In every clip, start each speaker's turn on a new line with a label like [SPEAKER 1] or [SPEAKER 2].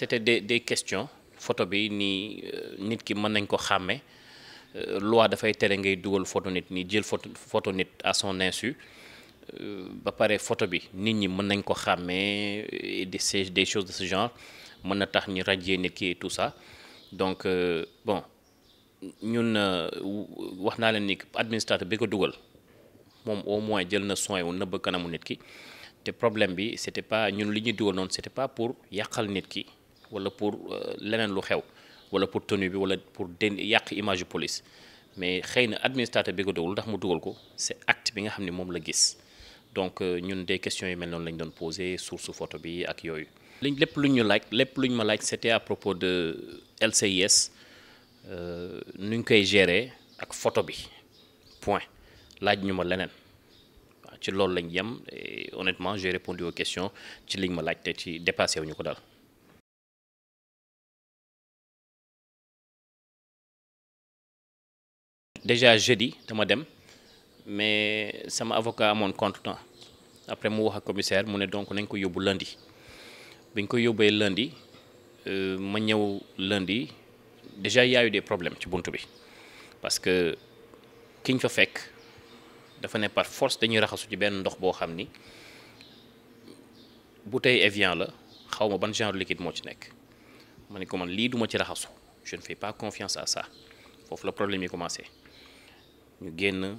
[SPEAKER 1] c'était des des questions photo bi ni euh, nit ki mën nañ ko xàmme euh, loi dafay tere ngay dugal photo nit ni jël photo photo nit à son insu euh, ba pare photo bi nit ñi mën nañ ko xàmmee des des choses de ce genre mën na tax ñu ràjjee nit ki et tout ça donc euh, bon ñun wax naa leen ni administrateur bi ko dugal moom au moins jël na soin wu nëbb kanamu nit ki te problème bi c'était pas ñun li ñuy dugal noonu c'était pas pour yàqal nit ki wala pour euh, leneen lu xew wala pour tenue bi wala pour den yàq image police mais xëy na administrateur bi ko déglu ndax mu dugal ko c'est acte bi nga xam ne moom la gis donc euh, ñun des questions yu mel noonu lañ doon posé source photo bi ak yooyu. liñ lépp luñ ñu laaj lépp luñ ma laaj c'était à propos de LCIS euh, nuñ koy gérer ak photo bi point laaj ñu ma leneen ci loolu lañ yem honnêtement j'ai répondu aux questions ci liñ ma laaj te ci dépassé wuñu ko déjà jeudi dama dem mais sama avocat amoon temps après mu wax ak commissaire mu donc nañ ko yóbbu lundi biñ ko yóbbee lundi euh, ma ñew lundi déjà y a eu des problèmes ci buntu bi parce que kiñ fa fek dafa né par force dañuy raxasu ci ben ndox bo xamni bouteille Evian la xawma ban genre liquide mo ci nekk ma ko man li duma ci raxasu je ne fais pas confiance à ça fofu le problème est commencé ñu génn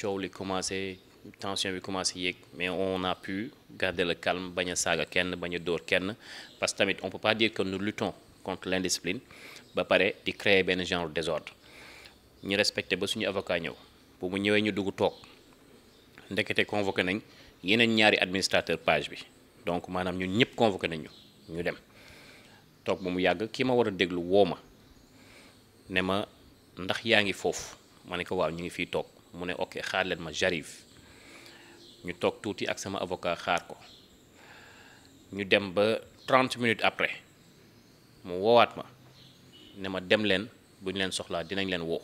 [SPEAKER 1] coow li commencé tension bi commencé yéeg mais on a pu garder le calme bañ a saaga kenn bañ d'or. kenn parce que tamit on peut pas dire que nous luttons contre l'indiscipline ba pareil, de créer benn genre désordre ñu respecté ba suñu avocat nous bu mu ñëwee ñu dugg toog ndekete convoqué nañ yeneen ñaari administrateur page bi donc maanaam ñun ñëpp convoqué nañ ñu ñu dem toog ba mu yàgg ki ma war déglu woo ma ne ma ndax yaa ngi ma ne ko waaw ñu ngi fi toog mu ne ok xaar leen ma jarive ñu toog tuuti ak sama avocat xaar ko ñu dem ba 30 minutes après mu woowaat ma ne ma dem leen bu ñu leen soxlaa dinañ leen woo.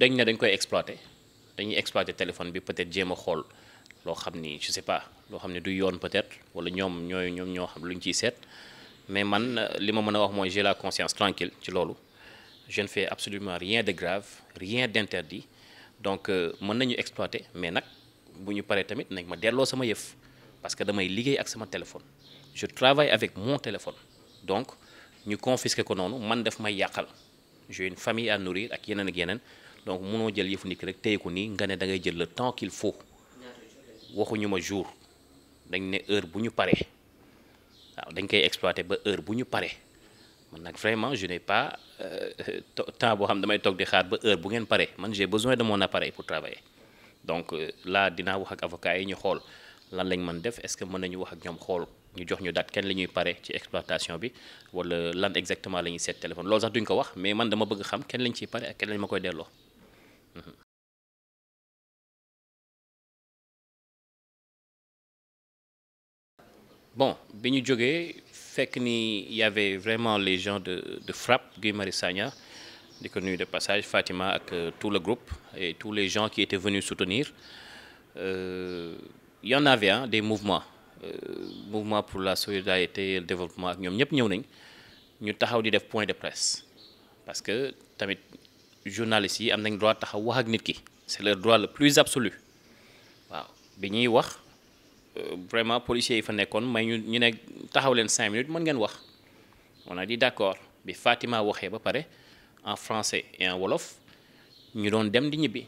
[SPEAKER 1] dañ ne dañ koy exploiter dañuy exploiter téléphone bi peut-être jéem a xool loo xam ni je sais pas loo xam ne du yoon peut-être wala ñoom ñooy ñoom ñoo xam lu ñu ciy seet. mais man li ma mën wax j'ai la conscience tranquille ci loolu je ne fais absolument rien de grave rien d'interdit donc euh, mën nañu exploiter mais nag bu ñu paree tamit nañ ma delloo sama yef. parce que damay liggéey ak sama téléphone je travaille avec mon téléphone donc ñu confisquer ko noonu man daf may yàqal j'ai une famille à nourrir ak yenen, ak yeneen donc mënoo jël yëfu nit ki rek téye ko nii nga ne da ngay jël le temps qu'il faut waxuñu ma jour dañ ne heure bu ñu paree waaw dañ koy exploité ba heure bu ñu paree man nak vraiment je n'ai pas euh, temps bo xam damay tok di xaar ba heure bu ngeen paré man j'ai besoin de mon appareil pour travailler donc euh, là dina wax ak avocat yi ñu xol lan lañ mën def est-ce que mën nañu wax ak ñom xol ñu jox ñu date kenn la ñuy pare ci exploitation bi wala lan exactement la ñuy téléphone lool sax duñ ko wax mais man dama bëgg xam kenn lañ ci paré ak kenn lañ ma koy delloo. Mhm. Bon, Beni fait y avait vraiment les gens de, de frappe, Guy Marissagna, connus de passage, Fatima, avec euh, tout le groupe et tous les gens qui étaient venus soutenir. il euh, y en avait un hein, des mouvements. mouvements euh, mouvement pour la solidarité et le développement. Nous avons des points de presse. Parce que les journalistes ont le droit de C'est leur droit le plus absolu. Wow vraiment policiers yi fa nekkoon may ñu ñu ne taxaw leen cinq minutes mën ngeen wax on a dit d'accord bi Fatima waxee ba pare en français et en wolof ñu doon dem di ñibbi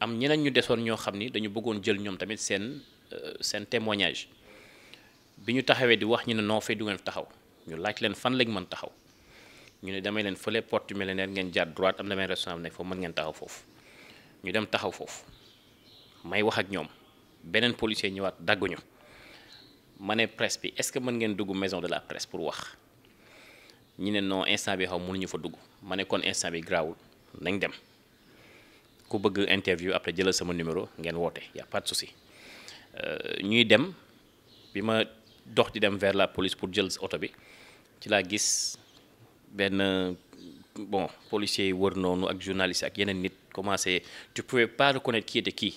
[SPEAKER 1] am ñeneen ñu desoon ñoo xam ni dañu bëggoon jël ñoom tamit seen euh, seen témoignage bi ñu taxawee di wax ñu ne noo fay du ngeen taxaw ñu laaj leen fan lañ mën taxaw ñu ne damay leen fële porte millénaire ngeen jaar droite am na benn restaurant nekk foofu mën ngeen taxaw foofu ñu dem taxaw foofu may wax ak ñoom benen policier ñëwaat dagguñu ma ne presse bi est-ce que mën ngeen dugg maison de la presse pour wax ñi ne non instant bi xaw mënuñu fa dugg ma ne kon instant bi grawul nañ dem ku bëgg interview après jëlal sama numéro ngeen woote y a pas de souci euh, ñuy dem bi ma dox di dem vers la police pour jël auto bi ci laa gis benn bon policier wër noonu ak journaliste ak yeneen nit commencé tu pouvais pas reconnaître qui était qui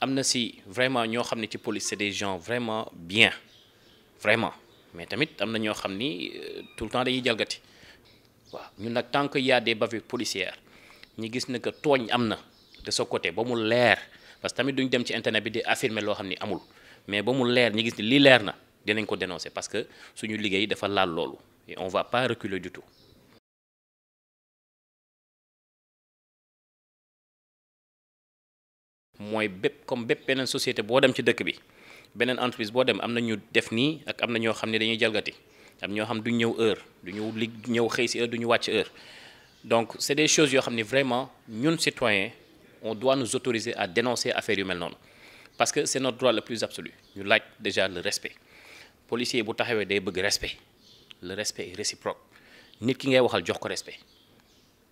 [SPEAKER 1] am si vraiment nous avons ne ci police c'est des gens vraiment bien vraiment mais tamit amna ñoo euh, tout le temps dañuy jalgati wa ñun nak tant que y a des bavures policières ñi gis na que togn amna de ce côté ba mu leer parce que tamit duñ dem ci internet bi di affirmer lo xamni amul mais ba mu leer ñi gis ni li leer na dinañ ko dénoncer parce que suñu liggéey dafa laal loolu et on va pas reculer du tout moy bépp comme bépp beneen société bo dem ci dëkk bi benen entreprise bo dem amna ñu def ni ak amna ño xamni dañuy jalgati am ño xam du ñew heure du ñu li ñëw si du ñu wacc heure donc c'est des choses que nous, vraiment ñun citoyens on doit nous autoriser à dénoncer affaire yu mel parce que c'est notre droit le plus absolu ñu laaj déjà le respect policier bu taxawé day bëgg respect le respect est réciproque nit ki ngay waxal jox ko respect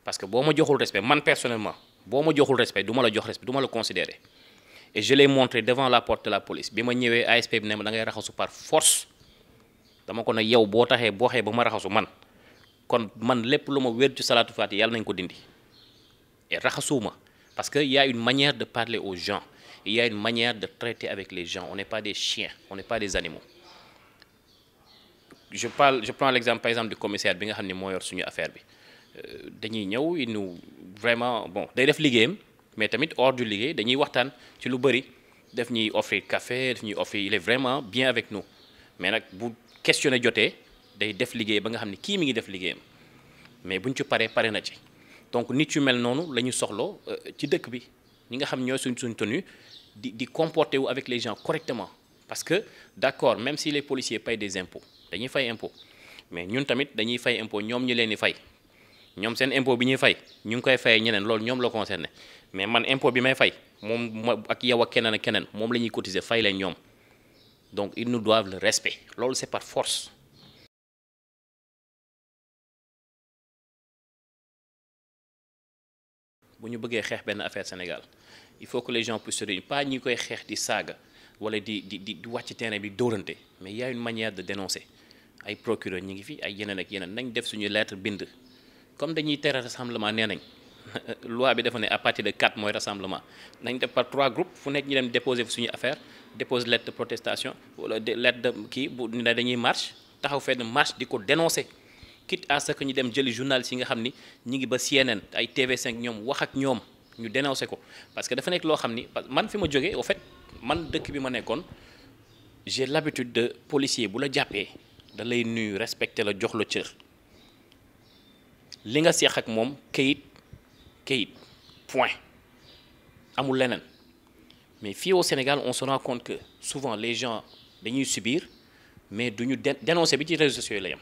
[SPEAKER 1] parce que boo ma joxul respect man personnellement si je joxul respect du le la jox respect du ma la considérer et je l'ai montré devant la porte de la police bi ma ñëwee ASP bi ne da ngay par force dama ko ne yow boo taxee boo xee ba ma raxasu man kon man lépp lu ma wér ci salaatu faati yàlla nañ ko dindi et raxasuuma parce qu'il y a une manière de parler aux gens il y a une manière de traiter avec les gens on n'est pas des chiens on n'est pas des animaux je parle je prends l'exemple par exemple du commissaire bi nga xam ne yor suñu affaire bi euh, dañuy ñëw il nous vraiment bon day def liggéeyam mais tamit hors du ligue dañuy waxtaan ci lu bari def ñi offrir café def ñi offrir il est vraiment bien avec nous mais nak bu questioner joté day def liggéey ba nga xamni ki mi ngi def liggéeyam mais buñ ci paré paré na ci donc nit yu mel noonu lañu soxlo euh, ci dëkk bi ñi nga xam ñooy suñ suñ tenue di di comporter wu avec les gens correctement parce que d'accord même si les policiers payent des impôts dañuy fay impôts mais ñun tamit dañuy fay impôts ñom ñu leen fay ñom sen impôt bi ñuy fay ñu koy fay ñeneen lool ñom la concerné mais man impôt bi may fay mom ak yow ak keneen ak keneen moom cotiser fay leen ñom donc ils nous doivent le respect lool c'est par force. bu ñu bëggee xeex benn affaire Sénégal il faut que les gens puissent se réunir pas ñi koy xeex di saaga wala di di di di wàcc terrain bi dóorante mais il y a une manière de dénoncer ay procureur ñi ngi fi ay yeneen ak yeneen nañ def suñu lettre bind comme dañuy tere rassemblement nénañ loi bi dafa à partir de quatre mooy rassemblement nañ def par trois groupes fu nekk ñu dem déposer suñu affaire déposer lettre de protestation wala lettre de kii bu dañuy marche taxaw fenn marche diko dénoncer quitte à ce que ñu dem jël journal si nga xamni ni ngi ba CNN ay TV5 ñom wax ak ñom ñu dénoncer ko parce que dafa nek lo xamni man fi ma jógee au fait man dëkk bi ma nekkoon j'ai l'habitude de policier bu la jappé da lay nuyu respecter la jox la cër li nga seex ak moom kayit kayit point amul leneen mais fii au Sénégal on se rend compte que souvent les gens dañuy subir mais duñu dénoncer bi ci réseaux sociaux la yam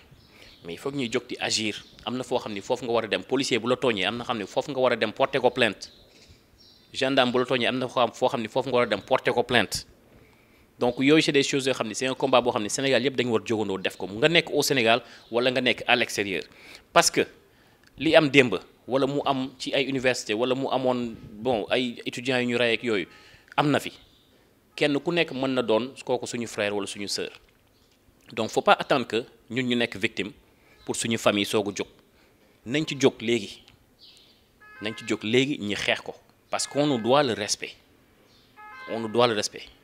[SPEAKER 1] mais il faut que ñuy jóg di agir am na foo xam ni foofu nga war a dem policier bu la tooñee am na xam ne foofu nga war a dem porter ko plainte gendarme bu la tooñee am na foo xam foofu nga war a dem porter ko plainte donc yooyu c'est des choses yoo xam ne c'est un combat boo xam ne Sénégal yëpp dañu war jógandoo def ko mu nga nekk au Sénégal wala nga nekk à l'extérieur parce que li am Dembe, wala mu am ci ay université wala mu amone bon ay étudiants yu ñu rey ak yooyu am na fi kenn ku nekk mën na doon kooku suñu frère wala suñu sœur donc faut pas attendre que ñun ñu nekk victime pour suñu famille sogu a nañ ci jóg légui nañ ci jóg légui ñi xex ko parce qu'on nous doit le respect on nous doit le respect